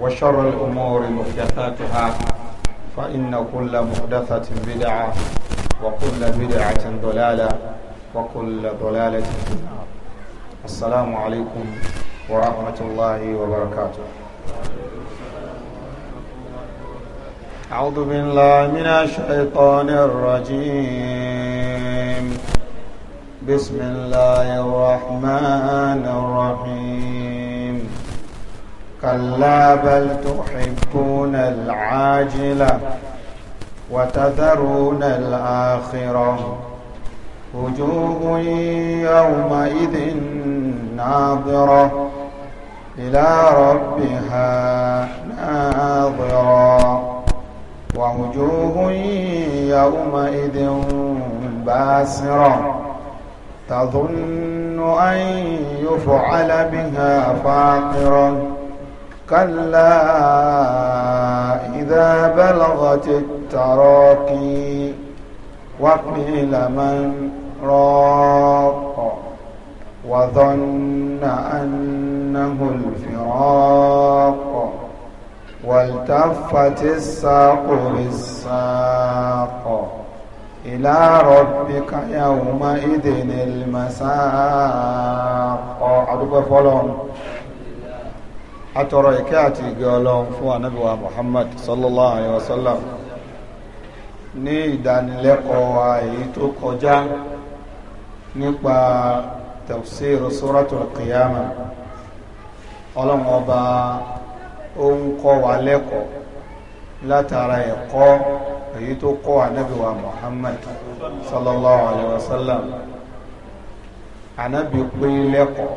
وشر الأمور محدثاتها فإن كل محدثة بدعة وكل بدعة ضلالة وكل ضلالة في النار السلام عليكم ورحمة الله وبركاته أعوذ بالله من الشيطان الرجيم بسم الله الرحمن الرحيم كلا بل تحبون العاجلة وتذرون الآخرة وجوه يومئذ ناظرة إلى ربها ناظرة ووجوه يومئذ باسرة تظن أن يفعل بها فاقرة كلا إذا بلغت التراقي وقيل من راق وظن أنه الفراق والتفت الساق بالساق إلى ربك يومئذ المساق أدوك فلون atọrọ ìkẹ́ àti ìgẹ́ ọlọ́run fún anábíwá muhammad sallallahu alayhi wa sallam ní ìdánilẹ́kọ̀ọ́ wa èyí tó kọjá nípa tafsir suratul qiyama ọlọ́run ọba ó ń kọ́ wa lẹ́kọ̀ọ́ látara ẹ̀kọ́ èyí tó kọ́ anábíwá muhammad sallallahu alayhi wa sallam anábí pín lẹ́kọ̀ọ́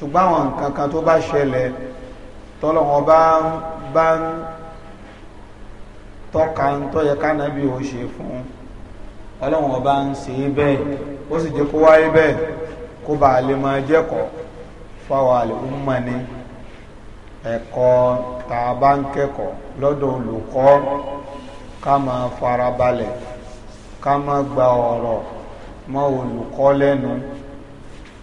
ṣùgbọ́n àwọn nǹkan kan tó bá ṣẹlẹ̀ tọ́lọ́wọ́n bá ń bá ń tọ́ka ń tọ́yẹ kánábì ò ṣe fún ọlọ́wọ́n bá ń ṣe é bẹ́ẹ̀ ó sì jẹ́ kó wáyé bẹ́ẹ̀ kó bàa lè máa jẹ́kọ̀ọ́ fáwọn àlùmọ́ ni ẹ̀kọ́ tá a bá ń kẹ́kọ̀ọ́ lọ́dọ̀ olùkọ́ ká máa farabalẹ̀ ká máa gba ọ̀rọ̀ mọ́ olùkọ́ lẹ́nu.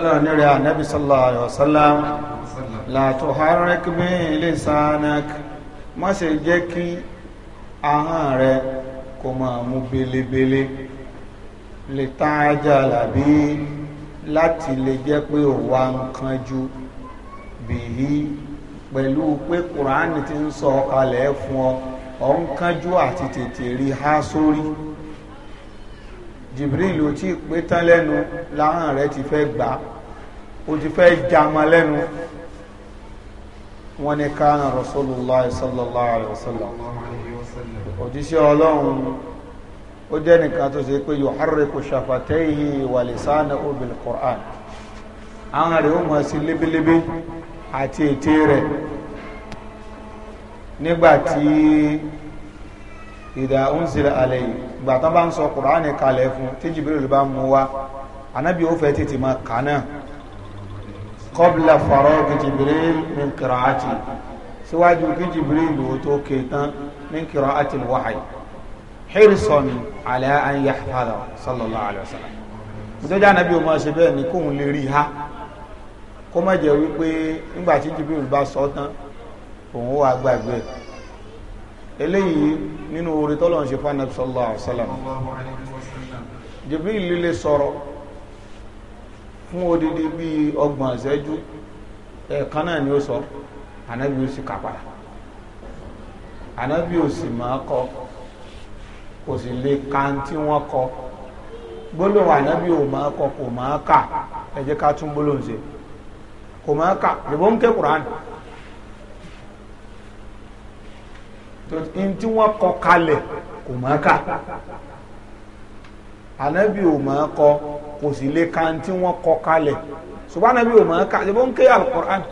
ọlọ́run ní rẹ̀ ànábì sallallahu alaihi wasallam la tuharrik bi lisanak má ṣe jẹ́ kí ahọ́n rẹ kó mú làbí láti lè jẹ́ pé wà nǹkan ju bìí pẹ̀lú pé kùránì ti ń sọ fún ọ ọ̀ àti tètè rí ha sórí. jibril ò tí ì pé tán lẹ́nu láhàn rẹ̀ ti fẹ́ gbà ó ti fẹ́ jama lẹ́nu wọ́n ní kánà rasulullah sallallahu alaihi wasallam òjíṣẹ́ ọlọ́run ó jẹ́ nìkan tó ṣe pé yuharriku shafatayhi wa lisanahu bil qur'an àwọn rẹ̀ ó mọ̀ sí lébélébé àti ètè rẹ̀ nígbàtí ìdá ounzila alayhi ìgbà tán bá ń sọ kùránì kalẹ̀ fún tí Jibril bá mú wá anábì ó fẹ́ tètè máa kà náà qabla faragi Jibril min qira'ati síwájú kí Jibril lò tó ké tán min qira'ati al-wahyi hirsan ala an yahfadha sallallahu alayhi wa sallam ìtọ́jú anábì ó máa ṣe bẹ́ẹ̀ ni kóun lè rí ha kó má jẹ́ wípé nígbà tí Jibril bá sọ tán òun ó gbàgbé eléyìí nínú orí tọ́lọ̀ ń ṣe fún anabi sallallahu alaihi wasallam jibril sọ̀rọ̀ fún odidi bíi ọgbọ̀n ìṣẹ́jú ẹ̀ẹ̀kan náà ni ó sọ anabi ó sì kápára anabi ó sì máa kọ kò sì lè ka tí wọ́n kọ gbólóhùn anabi ò máa kọ kò máa kà ká tún gbólóhùn ṣe kò máa n tí wọ́n kọ kalẹ̀ kò mọ́ ká ànábì ò mọ́ kọ kò sì lè ka n tí wọ́n kọ kalẹ̀ ṣùgbọ́n ànábì ò mọ́ ká ṣe bó ń ké alukur'an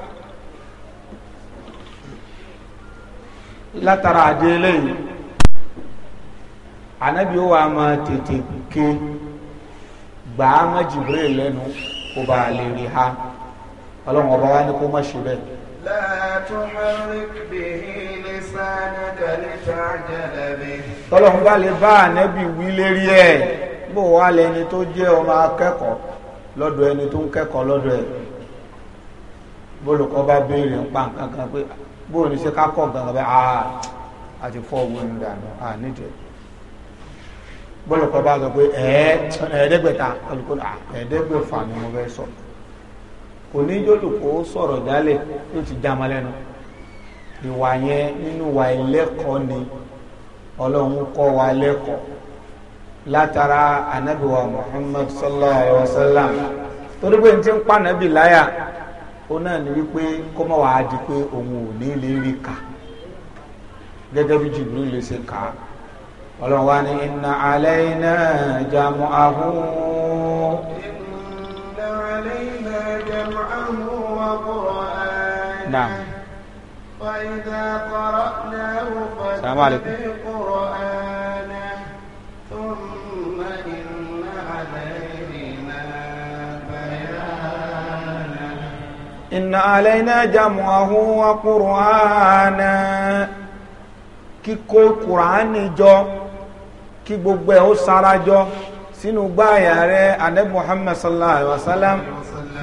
látara àdé eléyìí ànábì ó wà máa tètè ké gbàá má Jibril lẹ́nu kó bá lè rí ha ọlọ́run ọba wa ní kó má ṣe bẹ́ẹ̀. لا تحرك به لسانك لتعجل به tọ́lọ́hún bá lè bá ànẹ́bì wí lérí ẹ̀ bó wá lẹni tó jẹ́ ọmọ akẹ́kọ̀ọ́ lọ́dọ̀ ẹni tó ń kẹ́kọ̀ọ́ lọ́dọ̀ ẹ̀ bólùkọ́ bá béèrè pa nǹkan pé bó ah, ní ṣe kákọ̀ gangan bẹ́ẹ̀ àá àti fọ́ owó ní dànù àá nídìí bólùkọ́ bá sọ pé ẹ̀ẹ́dẹ́gbẹ̀ta ẹ̀ẹ́dẹ́gbẹ̀fà ni mo fẹ́ sọ̀rọ̀ kò ní jólùkó sọ̀rọ̀ jálẹ̀ yóò ti já máa lẹ́nu ìwà yẹn nínú ìwà ni ọlọ́run wa lẹ́kọ̀ọ́ látara anabiwa sallallahu alayhi wa sallam torí pé n ti ń pa anabi láyà ó náà ní wípé kó má wàá di pé òun ò ní lè rí gẹ́gẹ́ bí jìbìrì lè ṣe ọlọ́run wa علينا جمعه وقرآنه نعم وإذا قرأناه السلام عليكم قرآنه ثم إن علينا بيانه إن علينا جمعه وقرآنه kíkó kùránì jọ kí gbogbo ẹ̀ ó sarajọ sínú gbáàyà rẹ̀ anabi muhammad sallallahu alaihi wa sallam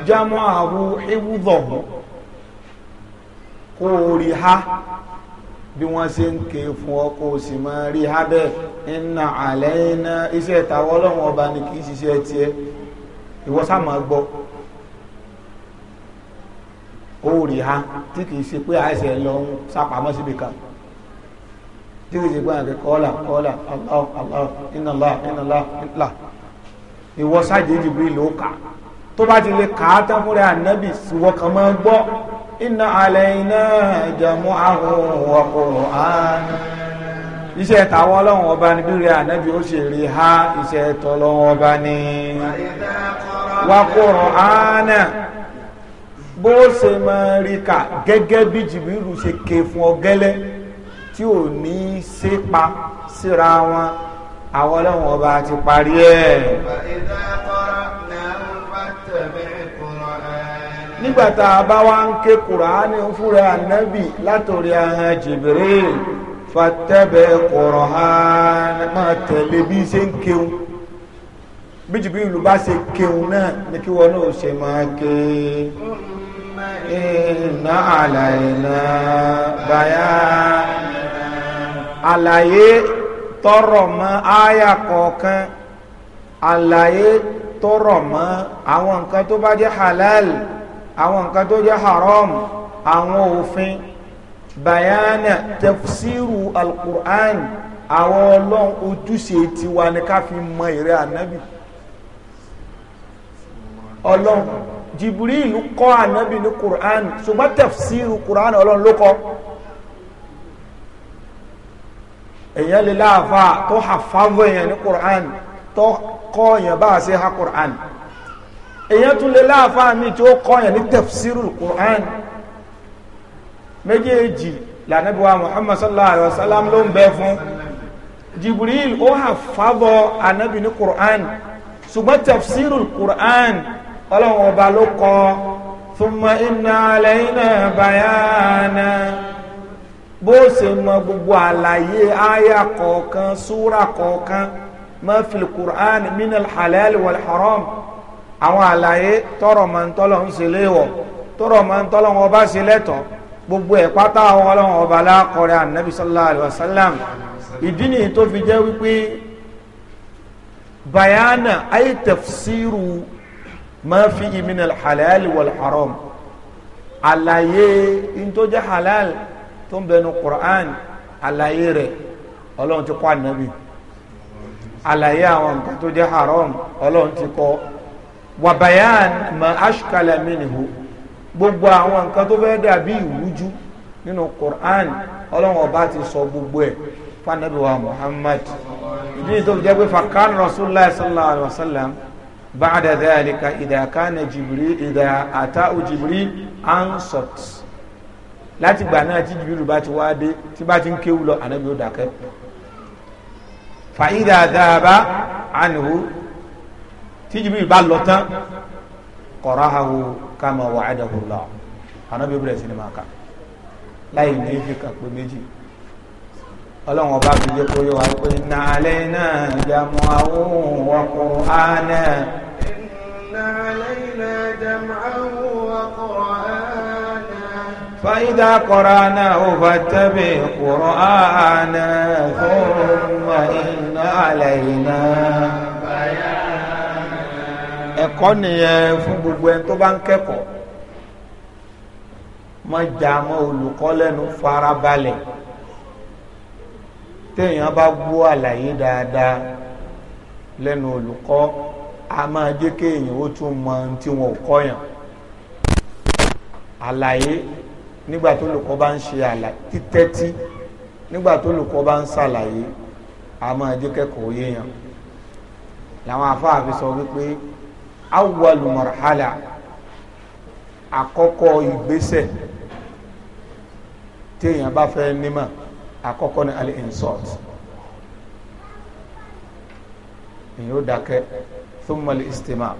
jámọ́ àhú ìwúdọ̀bù kó o rí ha bí wọ́n ṣe ń ké fún ọ kó o sì máa rí ha bẹ́ẹ̀ nna àlẹ́ iná iṣẹ́ ìtawọ́ ọlọ́run ọba ni kì í ṣiṣẹ́ tiẹ̀ ìwọ sáà gbọ́ ó rí ha tí kì í ṣe pé àìsàn lọ ń sápamọ́ síbi kan tí kì í ṣe pé àìsàn kọ́ọ̀là kọ́ọ̀là Allah Allah inna Allah inna Allah là ìwọ sáàjì Jibril ló kà tó bá ti lè kà á tán fúnra ànábì ìwọ kan máa gbọ́ inna alayna jam'ahu wa qur'an iṣẹ́ tàwọn ọlọ́run ọba ní bí rẹ̀ ànábì ó ṣe rí ha iṣẹ́ tọ́lọ́run ọba ní wa qur'an bó ṣe máa rí kà gẹ́gẹ́ bí Jibril ṣe ké fún ọ gẹ́lẹ́ tí ò ní sépa síra wọn àwọn ọlọ́run ọba ti parí ẹ̀. nígbà tá a bá wá ń ké kùránì fúnra ànábì látòrí ahọ́n Jibril fatẹ́bẹ̀ kọ̀rọ̀ ha máa tẹ̀lé bí ṣe ń kéun bí Jibril bá ṣe kéun náà ni kí wọn náà ṣe máa ké iná àlàyé náà báyà àlàyé tọrọ mọ́ àyà kọ̀ọ̀kan àlàyé tọrọ mọ́ àwọn nǹkan tó bá jẹ́ halal àwọn nǹkan tó jẹ́ haram àwọn òfin bayana tafsiru alquran àwọn ọlọ́run ojúṣe tiwa ni ká fi mọ ìrẹ́ ànábì ọlọ́run jibril kọ́ ànábì ní quran ṣùgbọ́n tafsiru quran ọlọ́run ló kọ́ èèyàn lè láàfà tó hàfáwọ̀ èèyàn ní Qur'an tó kọ́ èèyàn bá ṣe ha Qur'an èèyàn tún lè láàfà mi tí ó kọ́ èèyàn ní tafsirul Qur'an méjèèjì lànàbí Muhammad sallallahu alayhi wa sallam ló ń bẹ fún Jibril ó hàfáwọ̀ ànábì ní Qur'an ṣùgbọ́n tafsirul Qur'an ọlọ́run ọba ló kọ́ thumma inna alayna bayana bó ṣe mọ gbogbo àlàyé àyà kọ̀ọ̀kan súra kọ̀ọ̀kan ma fil qur'an min alhalal wal haram àwọn àlàyé tọrọ ma ń tọ́lọ̀ ń ṣe léwọ̀ tọrọ ma ń tọ́lọ̀ wọn bá ṣe lẹ́tọ̀ gbogbo ẹ̀ pátá àwọn ọlọ́run ọba lákọrẹ ànábì sallallahu alayhi wa sallam ìdí nìyí tó fi jẹ́ wípé bayana ay tafsiru ma fi min alhalal wal haram àlàyé ntọ́jẹ́ halal tó ń bẹnu Qur'an àlàyé rẹ̀ ọlọ́run ti kọ́ ànábì àlàyé àwọn nǹkan tó jẹ́ haram ọlọ́run ti kọ́ wa bayan ma ashkala minhu gbogbo àwọn nǹkan tó fẹ́ dàbí ìwújú nínú Qur'an ọlọ́run ọba ti sọ gbogbo ẹ̀ fanabi wa Muhammad ìdí ni tó fi jẹ́ pé fakan rasulillah sallallahu alayhi wa sallam ba'da dhalika idha kana Jibril idha ata'u Jibril ansat láti gbà náà tí jùlọ bá ti wá dé tí bá ti ń kéwù lọ ànábi ó dákẹ́ fàyídà dáàbá ànìwó tí jùlọ bá lọ tán kọ̀rọ̀ àwò kàmá wà ádàbò lọ ànábi bẹ̀rẹ̀ sí ni máa kà láì ní pé méjì ọlọ́run ọba fi jẹ́ kó yẹ wa pé nàálẹ́ náà jàmọ́ àwọn ọkùnrin àná. nàálẹ́ náà jàmọ́ àwọn ọkùnrin àná. فإذا قرأناه فاتبع قرآنا ثم إن علينا ẹ̀kọ́ nìyẹn fún gbogbo ẹni tó bá ń kẹ́kọ̀ọ́ má jà mọ́ lẹ́nu farabalẹ̀ téèyàn bá gbọ́ àlàyé dáadáa lẹ́nu olùkọ a máa jẹ́ kéèyàn ó tún mọ ohun tí wọn ò yàn àlàyé nígbà tó olùkọ́ bá ń ṣe àlà títẹ́tí nígbà tó olùkọ́ bá ń ṣàlàyé a máa jẹ́ kẹ́kọ̀ọ́ yéèyàn làwọn afáà fi sọ wípé awwalu marhala àkọ́kọ́ ìgbésẹ̀ téèyàn bá fẹ́ nímọ̀ àkọ́kọ́ ni al-insat èyàn ó dákẹ́ thumma al-istima'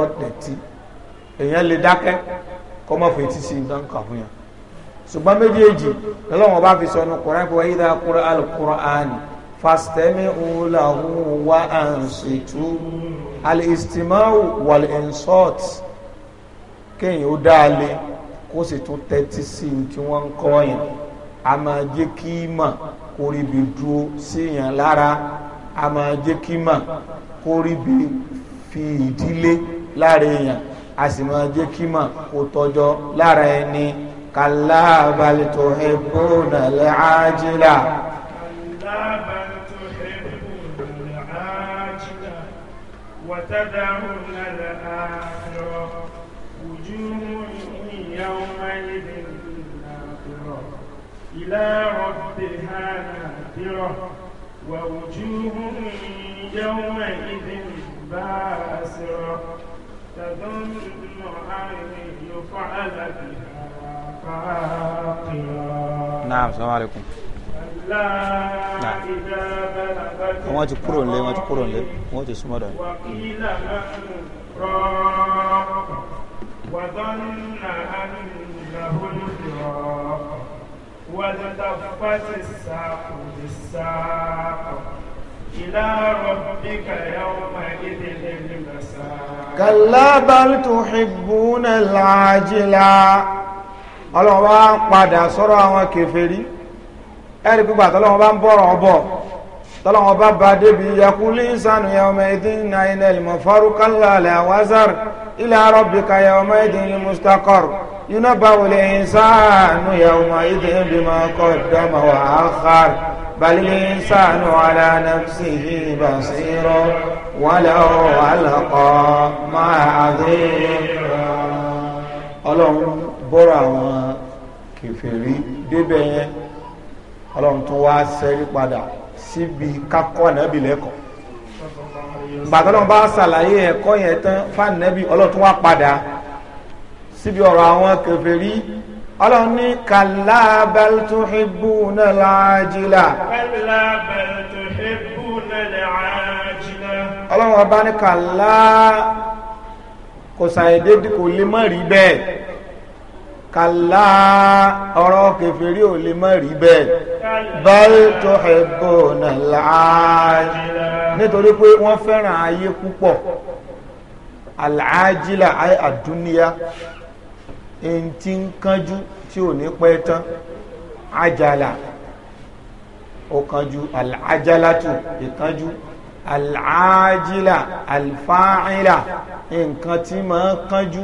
ọ̀dẹ̀tì èyàn lè dákẹ́ kọ́ mọ̀ fún etí sí i dán kà fún yàn ṣùgbọ́n méjèèjì lọ́wọ́n bá fi sọ ní kùrán pé wáyé dáa kúrò alukur'an fastemi ulahu wa ansitu alistimawu wal insult kéèyàn ó dáa lé kó sì tún tẹ́tí sí i tí wọ́n ń kọ́ yẹn a máa jẹ́ kí mà kó rí dúró sí yẹn lára a máa jẹ́ kí mà kó rí fi ìdílé lára yẹn a sì máa jẹ́ kí mà kó tọjọ́ lára ẹni kàlá bal tuhibbuna al-ajila. وتدعون الآخرة وجوه يومئذ ناظرة إلى ربها ناظرة ووجوه يومئذ باسرة naam salaam aleykum. naam wọ́n ti kúrò nílé wọ́n ti kúrò nílé wọ́n ti súnmọ́ dọ̀. وظن أنه الفراق والتفت الساق بالساق إلى ربك يومئذ المساء كلا بل تحبون العاجلة ọlọ́run bá ń padà sọ́rọ̀ àwọn kèfèrí ẹ̀rí pípa tọ́lọ́run bá ń bọ̀rọ̀ ọbọ̀ tọ́lọ́run bá bá débi yakuli sanu yawma idin na ilẹ̀ ìmọ̀fárú kálá alẹ́ àwázàr ilẹ̀ arọ́bì ka yawma idin ní mustakor iná bá wọlé ìsánu yawma idin bí ma kọ́ dọ́mọ̀ wà á kárì. بل الإنسان على نفسه بصيرا ولو ألقى عظيم. ọlọ́run bọ́rọ̀ àwọn kèfèrí débẹ̀ yẹn ọlọ́run tó wá sẹ́rí padà síbi kákọ́ ànábì lẹ́kọ̀ọ́ gbàtọ́lọ́run bá ṣàlàyé ẹ̀kọ́ yẹn tán fáànẹ́bì ọlọ́run tó wá padà síbi ọ̀rọ̀ àwọn kèfèrí ọlọ́run ní kàlá bẹ́ẹ̀tù ìbú náà láàájìlá kàlá bẹ́ẹ̀tù ìbú náà láàájìlá ọlọ́run ọba ní kàlá kò sàìdé kò lè mọ́ rí bẹ́ẹ̀ kàlá ọ̀rọ̀ kẹfìrí ò lè mọ́ rí bẹ́ẹ̀ bẹ́ẹ̀tù ìbú náà láàájìlá nítorí pé wọ́n fẹ́ràn ayé púpọ̀ àlàájìlá àdúníyá ẹni tí ń kánjú tí ò ní pẹ́ tán ajala ó kánjú alájálátù ìkánjú alájílà alfáàílà nǹkan tí ma ń kánjú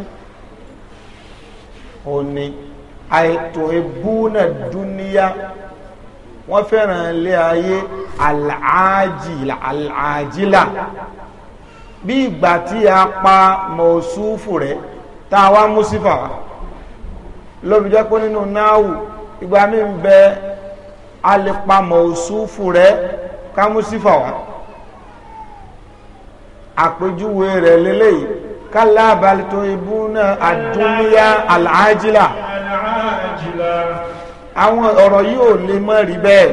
ò ní àìtò ìbúnà dúníyà wọ́n fẹ́ràn ilé ayé alájílà alájílà bí ìgbà tí a pa mọ̀ọ́súfù rẹ̀ tá mú sífà lóbi jẹ́ pé nínú náàwù ìgbà mi ń bẹ alẹ́pàmọ̀ òṣùfù rẹ kámúsífà wá àpèjúwe rẹ̀ lélẹ́yìí kálábàlítò ibú náà àdúnyá àlàájìlá àwọn ọ̀rọ̀ yìí ò lè mọ́ rí bẹ́ẹ̀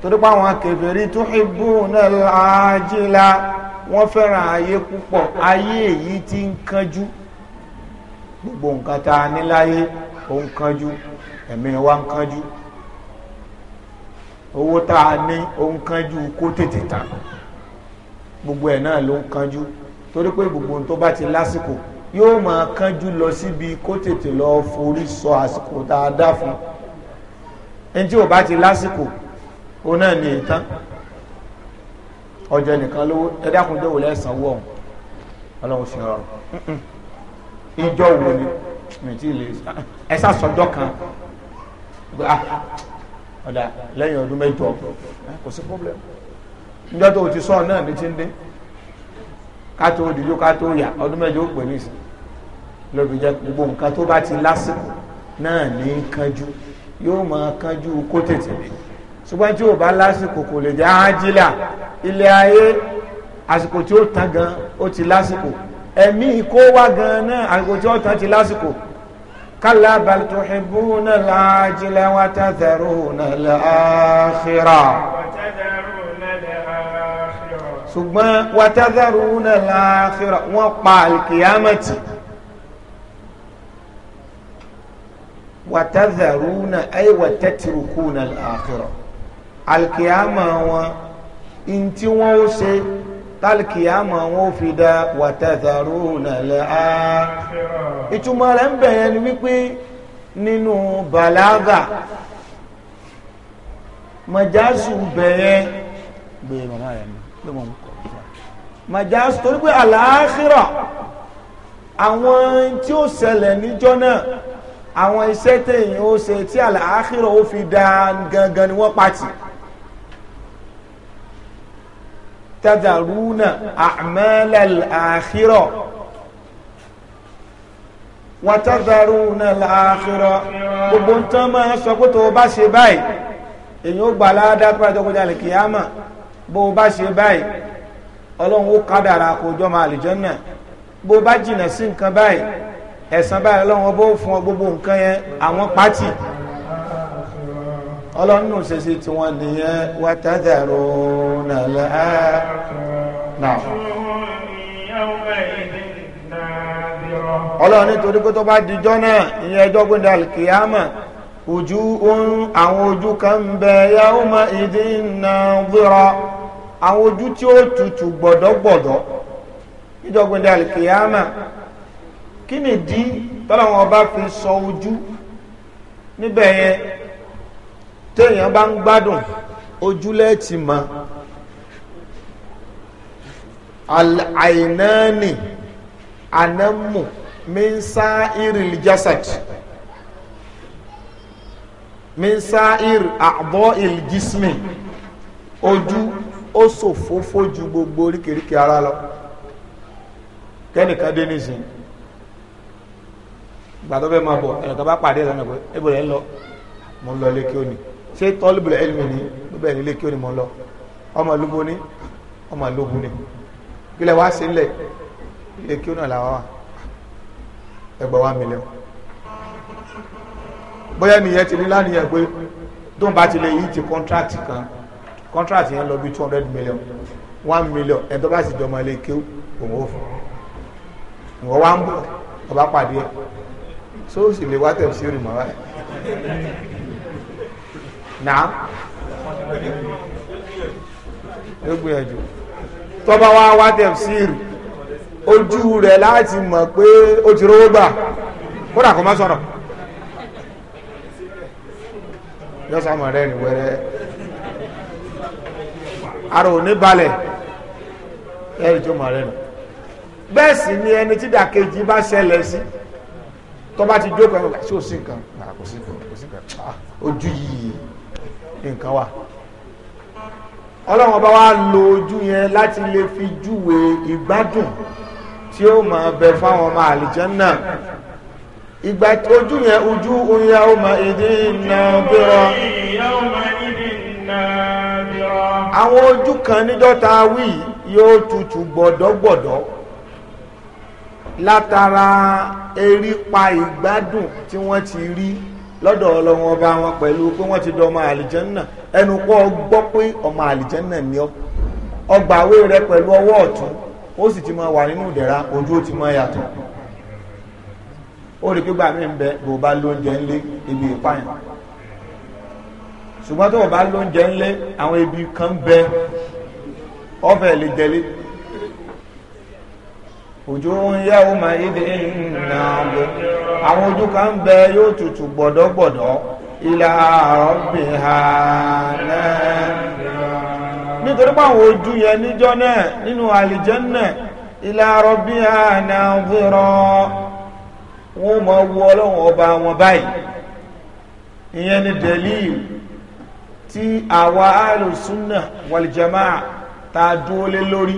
torí pé àwọn kèfèrí tó ibú náà làájìlá wọ́n fẹ́ràn ayé púpọ̀ ayé èyí tí ń kánjú gbogbo nǹkan tá a ní láyé ó ń emi nwa wa ń kánjú owó tá a ní taa. kó tètè tán gbogbo ẹ náà ló nkanju tori torí pé gbogbo ohun tó bá ti lásìkò yóò máa kanju lọ síbi kó tètè lọ forí sọ àsìkò dáadáa fún ẹni tí o bá ti lásìkò o náà ní ìtàn Ọjọ nìkan lówó ẹ dákun dé wò lẹ́sàn-án wọ̀ ọ̀hún ọlọ́run fi wo ni. ẹ sá sọjọ́ kan ah, ah, ọ̀dà lẹ́yìn ọdún mẹ́jọ eh, kò sí problem níjọ́ tó ti sọ náà ní ti ń dé ká tó dìjó ká tó yà ọdún mẹ́jọ ó pè ní ìsìn lóbi jẹ́ gbogbo nǹkan tó bá ti lásìkò náà ní kánjú yóò máa kánjú kó tètè dé ṣùgbọ́n tí ò bá lásìkò kò lè jẹ́ ájílà ilé ayé àsìkò tí ó tán gan ó ti lásìkò ẹ̀mí kó wá gan náà àgòjì ọ̀tàn ti lásìkò kálá bal tuhibbuna al-ajila wa tadharuna al-akhira. ṣùgbọ́n wa tadharuna al-akhira wọ́n pa al-qiyamati. wa náà ay wa tatrukuna al-akhira. al-qiyama wọn ntí wọn ó ṣe. tálkìyàmọ wọn ò fi da wàtàtàrú nàlẹ á ìtumọ̀ rẹ̀ ń bẹ̀rẹ̀ ni wípé nínú balaga majasu bẹ̀rẹ̀ gbé màmá rẹ̀ mi gbé màmá kọ̀ majasu torí pé àlàáfíà àwọn tí ó ṣẹlẹ̀ níjọ́ náà àwọn iṣẹ́ tẹ̀yìn ó ṣe tí àlàáfíà ó fi da gangan ni wọ́n pàtì. tadharuna a'malal akhirah wa tadharuna al akhirah gbogbo ń tán máa sọ pé tó o bá ṣe báyìí èyí ó gbà ládàá pé àjọkọ̀ jalè kìyàmà bó o bá ṣe báyìí ọlọ́run ó kádàrà kó jọ máa àlùjánnà bó o bá jìnnà sí nǹkan báyìí ẹ̀san báyìí ọlọ́run ó bó fún ọ gbogbo nǹkan yẹn àwọn pátì ọlọ́nù ṣẹṣẹ tí wọ́n nìyẹn wà tàdàrò nàlẹ́ náà. ọlọ́run nítorí pé tó bá dijọ́ náà ìyẹn ẹjọ́ gbẹ̀dẹ̀ alkiyama ojú ohun àwọn ojú kan ń bẹ yawma idhin nadhira àwọn ojú tí ó tutù gbọ̀dọ̀gbọ̀dọ̀ níjọ́ gbẹ̀dẹ̀ alkiyama kí nìdí tọ́lọ́wọ́n bá fi sọ ojú níbẹ̀ yẹn téèyàn bá ń gbádùn ojúlẹ̀ ti mọ̀ àìnáàní anamu minsa iril jasad minsa ir àbọ̀ ìljísmi ojú ó ṣòfófó ju gbogbo oríkèríkè ara lọ kẹ́nìkan dé nísìnyí gbàtọ́ bẹ́ẹ̀ máa bọ̀ ẹnìkan bá pàdé ẹ̀ lọ́nà lọ mo lọ lé kí ṣé tọ́lùbùl ilmi ni bẹ́ẹ̀ nílé kí ó ní mọ́ lọ ọmọ lóbo ní ọmọ lóbo ní kílẹ̀ wá sí ilẹ̀ ilé kí ó náà làwọn wà ẹgbẹ̀ wá mílíọ̀n bóyá nìyẹn ti ní lánìyàn pé tó ń bá ti lè yí ti contract kan contract yẹn lọ bí two hundred million one million ẹni tó bá sì jọmọ ilé kí òun ó fún un ìwọ wá ń bọ̀ ọba pàdé ẹ̀ sóòsì lè wá tẹ̀ sí òrìmọ̀ báyìí. naa, egbe ejo to ba wa wa dem sir oju re lati mo pe o ti rowo gba ko da ko ma soro yo sa mo re ni were aro ni bale e jo ma re ni be si ni eni ti ba sele si to ba ti joko so si nkan ara ko si ko si nkan oju yi nǹkan wà ọlọ́run bá wá lo ojú yẹn láti lè fi júwe ìgbádùn tí ó máa bẹ fáwọn ọmọ àlìjánná ìgbà ojú yẹn ojú oya ọmọ èdè nàbírọ àwọn ojú kan níjọ́ta wí yóò tutù gbọ̀dọ̀gbọ̀dọ̀ látara erípa ìgbádùn tí wọ́n ti rí. lọ́dọ̀ ọlọ́run ọba wọn pẹ̀lú pé wọ́n ti dọ́mọ àlìjẹ́nà ẹnu pọ́ gbọ́ pé ọmọ àlìjẹ́nà ni ọ ọgbà àwé rẹ pẹ̀lú ọwọ́ ọ̀tún ó sì ti máa wà nínú ìdẹ̀ra ojú ó ti máa yàtọ̀ ó rí ń bẹ bá lóúnjẹ ibi ìpáyàn ṣùgbọ́n tó bá lóúnjẹ àwọn ibi kan bẹ lè jẹlé ojú ń yá àwọn ojú kan bẹ yóò tutù gbọ̀dọ̀gbọ̀dọ̀ ilà ọ̀gbìn ha náà nítorí pé àwọn ojú yẹn níjọ́ náà nínú àlìjánnà ilà ọ̀gbìn ha náà ń fi rán wọn mọ wo ọlọ́run ọba wọn báyìí ìyẹn ni dẹ̀líl tí àwa alùsùnà wàlìjàmá ta dúó lé lórí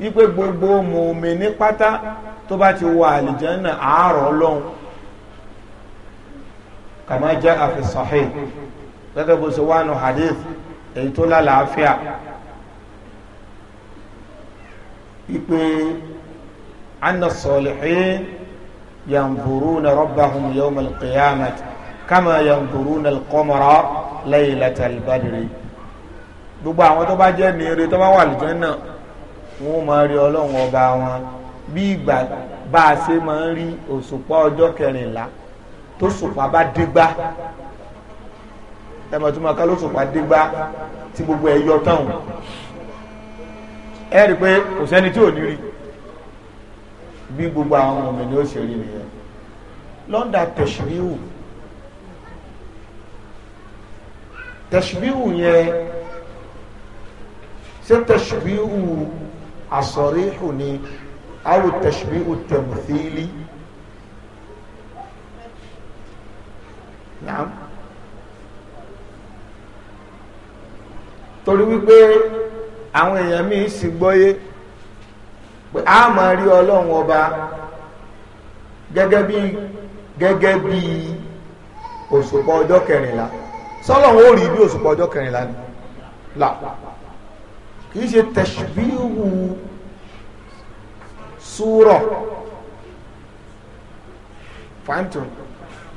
wípé gbogbo mòmìnì pátá tó bá ti wọ àlìjánnà àárọ̀ ọlọ́run kama jaa fi sahih gẹ́gẹ́ bó ṣe wà nù hadith èyí tó lálàáfíà ipe anna salihin yanzuruna rabbahum yawm al-qiyamah kama yanzuruna al-qamara laylatal badri gbogbo àwọn tó bá jẹ́ ní eré tó bá wà lùjọ́ náà wọ́n máa rí ọlọ́run ọba wọn bí ìgbà bá a ṣe máa ń rí òṣùpá ọjọ́ kẹrìnlá tó sòfà bá dégbá ẹ mọ̀ tó máa ká ló sòfà dégbá tí gbogbo ẹ yọ táwọn ẹ rí i pé kò sẹ́ni tí ò ní rí bí gbogbo àwọn ọmọ mi ni ó ṣe rí nìyẹn lọ́ndà tẹ̀síríwù tẹ̀síríwù yẹn ṣé tẹ̀síríwù àsọ̀ríhù ni àwọn tẹ̀síríwù tẹ̀mùfíìlì. nàám torí wípé àwọn èèyàn míì sì gbọ́yé pé a máa rí ọlọ́run ọba gẹ́gẹ́ bí gẹ́gẹ́ bí òṣùpọ̀ ọjọ́ kẹrìnlá sọ́lọ́run ó rí bí òṣùpọ̀ ọjọ́ kẹrìnlá ni là kìí ṣe tẹ̀síbíhù súrọ̀ fàǹtùn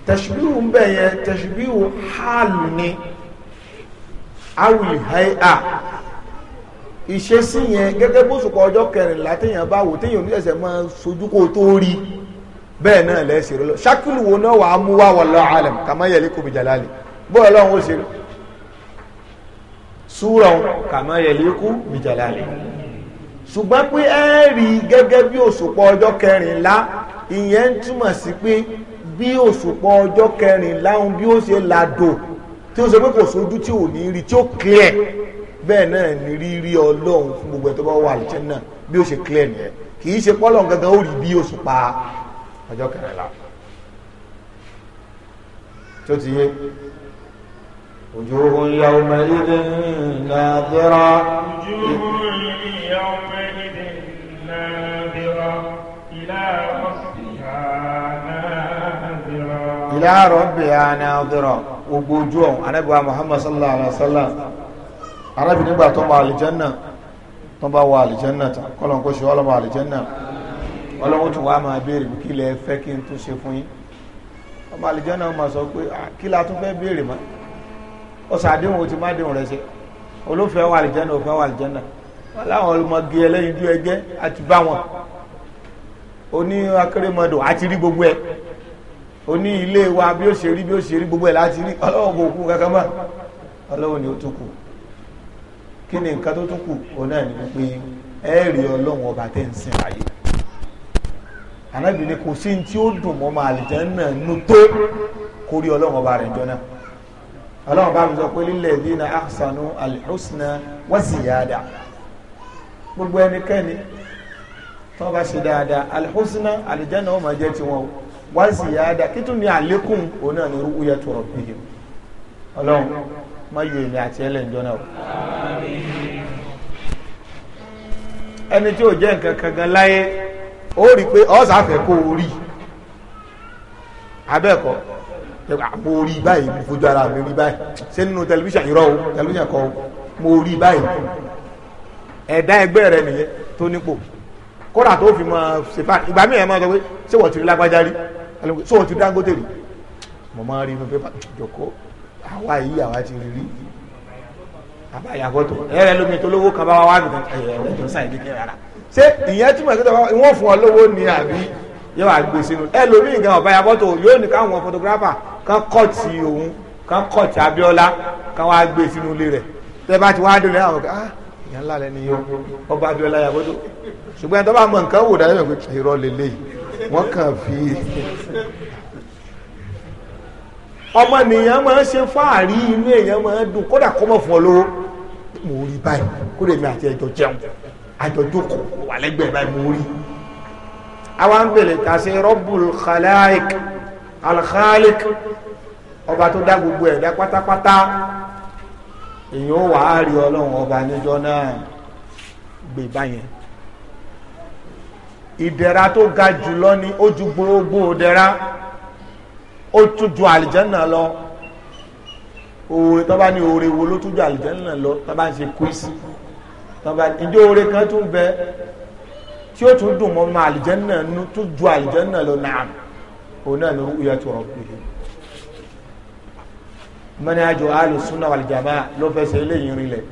tẹ̀síbíhù ń bẹ̀ yẹn tẹ̀síbíhù hálù ni awì haia ìṣesí yẹn gẹ́gẹ́ bó sùpọ̀ ọjọ́ kẹrìnlá téèyàn bá wò téèyàn ní ẹ̀sẹ̀ máa sojú kó tó rí bẹ́ẹ̀ náà lẹ́sẹ̀ rẹ lọ ṣákìlù wo náà wàá mú wá wallahu alam kàmá yẹlé kò bìjà lálẹ́ bóyá ọlọ́run ó ṣe rẹ súrọ̀ kàmá yẹlé kò bìjà lálẹ́ ṣùgbọ́n pé ẹ rí gẹ́gẹ́ bí òṣùpọ̀ ọjọ́ kẹrìnlá ìyẹn túmọ̀ sí pé bí òṣùpọ̀ ọjọ́ kẹrìnlá ohun bí ó ṣe làdò tí ó sọ pé kò sójú tí ò ní rí tí ó clear bẹ́ẹ̀ náà ní rírí ọlọ́run fún gbogbo ẹ̀ tó bá wà lẹ́tẹ̀ náà bí ó ṣe clear nìyẹn kì í ṣe pọ́lọ̀ gangan ó rí bí òṣùpá ọjọ́ kẹrìnlá tó ti yé ojú ogun yàwó mẹ́lẹ́dẹ́ náà dẹ́rọ. ya rabbi anadira gbogbo ojú ọ̀hún anábì wa muhammad sallallahu alaihi wa sallam anábì nígbà tó bá àlìjẹ́nà tó bá wọ àlìjẹ́nà tán kọ́lọ̀ kó ṣe ọlọ́mọ àlìjẹ́nà ọlọ́wọ́ tún wàá máa béèrè kí lẹ fẹ́ kí n tún ṣe fún yín ọmọ àlìjẹ́nà máa sọ pé kí la tún fẹ́ béèrè mọ́ ó sàdéhùn ó ti má déhùn rẹ ṣe olófẹ́ wà àlìjẹ́nà òfẹ́ wà àlìjẹ́nà láwọn ọmọge ẹlẹ́yinjú ẹgbẹ́ àti bá wọn oní akérèmọdò àti rí gbogbo ẹ̀ oní ilé wa bí ó ṣe rí bí ó ṣe rí gbogbo ẹ̀ láti rí ọlọ́wọ́ kò kú kankan mọ́ ọlọ́wọ́ ni ó tún kù kí ni nǹkan tó tún kù òun náà ni wípé ẹ rí ọlọ́wọ́ ọba tẹ́ ń sin ayé anábìnrin kò sí tí ó dùn mọ́ máa lìjẹ́ náà nu tó kó rí ọlọ́wọ́ ọba rẹ̀ jọ náà ọlọ́wọ́ bá mi sọ pé lílẹ̀ dínà ahsanu alhusna wa ziyada gbogbo ẹnikẹ́ni tó bá ṣe dáadáa alhusna alìjẹ́ náà ó máa jẹ́ tiwọn o wá ziyada kí tún ní àlékún òun náà ní ru'yatu rabbihim ọlọ́run má yọ èmi àti ẹlẹ́njọ́ náà ẹni tí ò jẹ́ nǹkan kan gan láyé ó rí i pé ọ̀sàfẹ́ kó o rí abẹ́ẹ̀kọ́ mo rí báyìí mo fojú ara mi rí báyìí ṣé nínú tẹlifíṣàn irọ́ o tẹlifíṣàn kọ́ o mo rí báyìí ẹ̀dá ẹgbẹ́ rẹ nìyẹn tó nípò kódà tó fi mọ ṣèpá ìgbà míì ẹ̀ máa sọ pé ṣé wọ́n ti rí lágbájá rí ẹlẹ́wọ̀n so o ti Dangote rí mo máa rí inú pépà jòkó àwa yìí àwa ti rí rí àbáyà fọ́tò ẹ̀rẹ́ lómi tó lówó kan bá wà wà nìkan ẹ̀rẹ́ tó sàn ìdíkẹ́ rárá ṣé ìyẹn túmọ̀ sí wọ́n fún ọ lówó ni àbí yóò wá gbé sínú ẹ lómi nǹkan àbáyà fọ́tò yóò ní káwọn photographer kan kọ́ ti òun kan kọ́ ti Abíọ́lá kan wá gbé sínú ilé rẹ̀ tẹ́ bá ti wá dùn ní àwọn kan ah ìyẹn ńlá lẹ́ni yóò ọba Abíọ́lá yà fọ́tò ṣùgbọ́n tó bá mọ nǹkan wò dáadáa pé irọ́ lélẹ́yìí wọ́n kàn fi ọmọ nìyàn máa ń ṣe fáàrí inú èèyàn máa ń dùn kódà kọ́ mọ̀ fún ọ lówó mo rí báyìí kódà èmi àti ẹjọ jẹun àjọ jókòó wà lẹ́gbẹ̀ẹ́ báyìí mo rí àwa ń bèrè ta ṣe Rabbul khalaik alkhalik ọba tó dá gbogbo ẹ̀dá pátápátá èèyàn wàá rí ọlọ́run ọba níjọ náà gbé báyẹn ìdẹ̀ra tó ga jùlọ ni ó ju gbogbo ìdẹ̀ra ó tún ju àlìjẹ́nà lọ oore tó bá ní oore wo ló tún ju àlìjẹ́nà lọ tó bá ń ṣe kúísì tó bá ìdí oore kan tún bẹ tí ó tún dùn mọ́ ma àlìjẹ́nà nú tún ju àlìjẹ́nà lọ náà òun náà ló yẹ tó rọ pé mọ́nájọ alùsùnà wàlìjàmá ló fẹsẹ̀ eléyìí rinlẹ̀